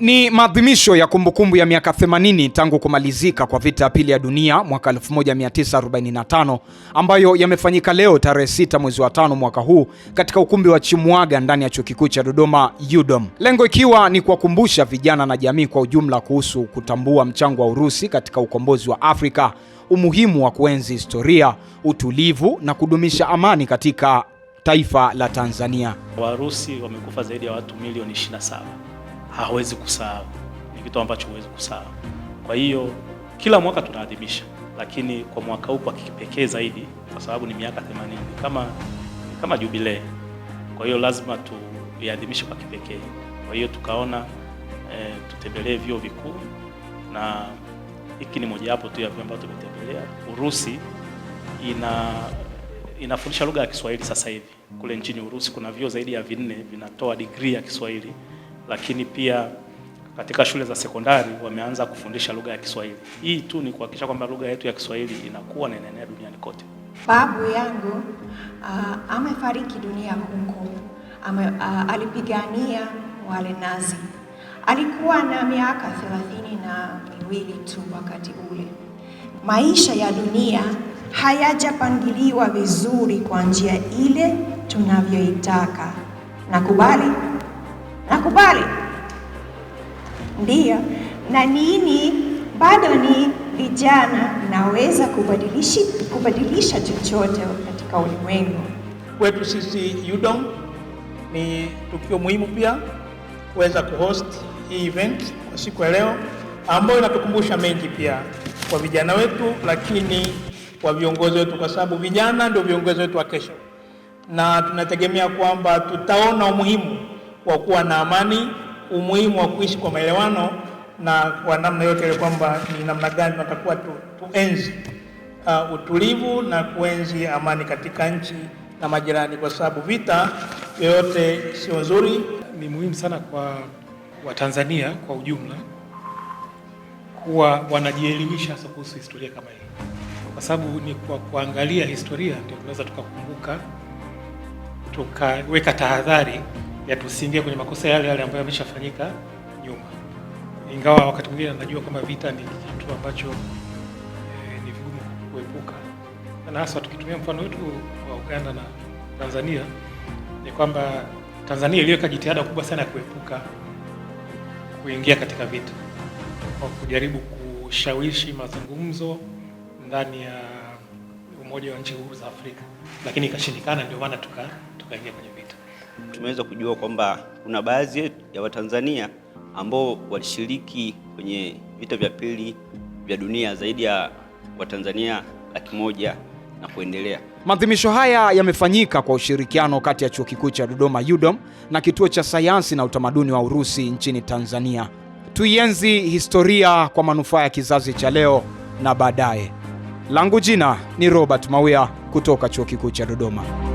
Ni maadhimisho ya kumbukumbu ya miaka 80 tangu kumalizika kwa vita ya pili ya dunia mwaka 1945 ambayo yamefanyika leo tarehe 6 mwezi wa tano mwaka huu katika ukumbi wa Chimwaga ndani ya chuo kikuu cha Dodoma UDOM, lengo ikiwa ni kuwakumbusha vijana na jamii kwa ujumla kuhusu kutambua mchango wa Urusi katika ukombozi wa Afrika, umuhimu wa kuenzi historia, utulivu na kudumisha amani katika taifa la Tanzania. Warusi wamekufa zaidi ya watu milioni 27 hawezi kusahau, ni kitu ambacho huwezi kusahau. Kwa hiyo kila mwaka tunaadhimisha, lakini kwa mwaka huu kwa kipekee zaidi, kwa sababu ni miaka 80 kama kama jubilee. Kwa hiyo lazima tuiadhimishe kwa kipekee. Kwa hiyo tukaona e, tutembelee vyuo vikuu na hiki ni mojawapo tu ya vyuo ambavyo tumetembelea. Urusi ina inafundisha lugha ya Kiswahili sasa hivi. Kule nchini Urusi kuna vyuo zaidi ya vinne vinatoa digrii ya Kiswahili lakini pia katika shule za sekondari wameanza kufundisha lugha ya Kiswahili. Hii tu ni kuhakikisha kwamba lugha yetu ya Kiswahili inakuwa na inaenea duniani kote. Babu yangu uh, amefariki dunia huko ame, uh, alipigania wale Nazi. Alikuwa na miaka thelathini na miwili tu wakati ule. Maisha ya dunia hayajapangiliwa vizuri kwa njia ile tunavyoitaka. Nakubali. Nakubali ndiyo. Na nini bado ni vijana, naweza kubadilisha kubadilisha chochote katika ulimwengu kwetu sisi. UDOM ni tukio muhimu pia kuweza kuhost hii event kwa siku ya leo, ambayo inatukumbusha mengi pia kwa vijana wetu, lakini kwa viongozi wetu, kwa sababu vijana ndio viongozi wetu wa kesho, na tunategemea kwamba tutaona umuhimu wa kuwa na amani, umuhimu wa kuishi kwa maelewano na kwa namna yote ile, kwamba ni namna gani tunatakuwa tu, tuenzi uh, utulivu na kuenzi amani katika nchi na majirani, kwa sababu vita yoyote sio nzuri. Ni muhimu sana kwa Watanzania kwa ujumla kuwa wanajielimisha hasa kuhusu historia kama hii, kwa sababu ni kwa kuangalia historia ndio tunaweza tukakumbuka tukaweka tahadhari ya tusiingie kwenye makosa yale yale ambayo yameshafanyika nyuma, ingawa wakati mwingine najua kwamba vita ni kitu ambacho eh, ni vigumu kuepuka, na hasa tukitumia mfano wetu wa Uganda na Tanzania ni kwamba Tanzania iliweka jitihada kubwa sana ya kuepuka kuingia katika vita kwa kujaribu kushawishi mazungumzo ndani ya Umoja wa Nchi Huru za Afrika, lakini ikashindikana, ndio maana tukaingia tuka kwenye vita tumeweza kujua kwamba kuna baadhi ya Watanzania ambao walishiriki kwenye vita vya pili vya dunia zaidi ya Watanzania laki moja na kuendelea. Maadhimisho haya yamefanyika kwa ushirikiano kati ya Chuo Kikuu cha Dodoma UDOM na Kituo cha Sayansi na Utamaduni wa Urusi nchini Tanzania. Tuienzi historia kwa manufaa ya kizazi cha leo na baadaye. Langu jina ni Robert Mawia kutoka Chuo Kikuu cha Dodoma.